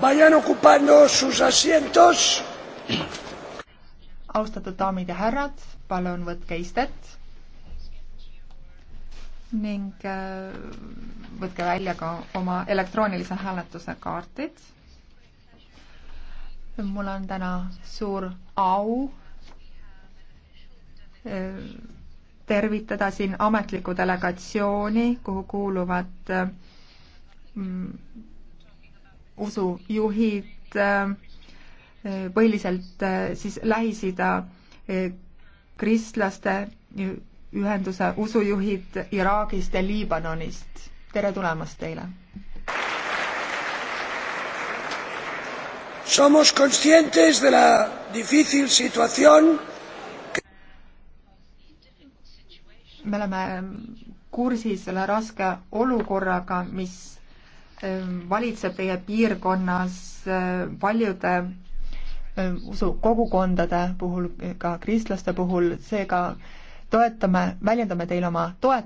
Vayan ocupando sus asientos. austatud daamid ja härrad, palun võtke istet ning äh, võtke välja ka oma elektroonilise hääletuse kaardid. mul on täna suur au äh, tervitada siin ametlikku delegatsiooni, kuhu kuuluvad äh, usujuhid, äh, põhiliselt äh, siis Lähis-Ida äh, kristlaste ühenduse usujuhid Iraagist ja Liibanonist. tere tulemast teile! Somos conscientes de la difícil situación me oleme kursis selle raske olukorraga, mis valitseb teie piirkonnas äh, paljude äh, usukogukondade puhul, ka kristlaste puhul, seega toetame, väljendame teile oma toetust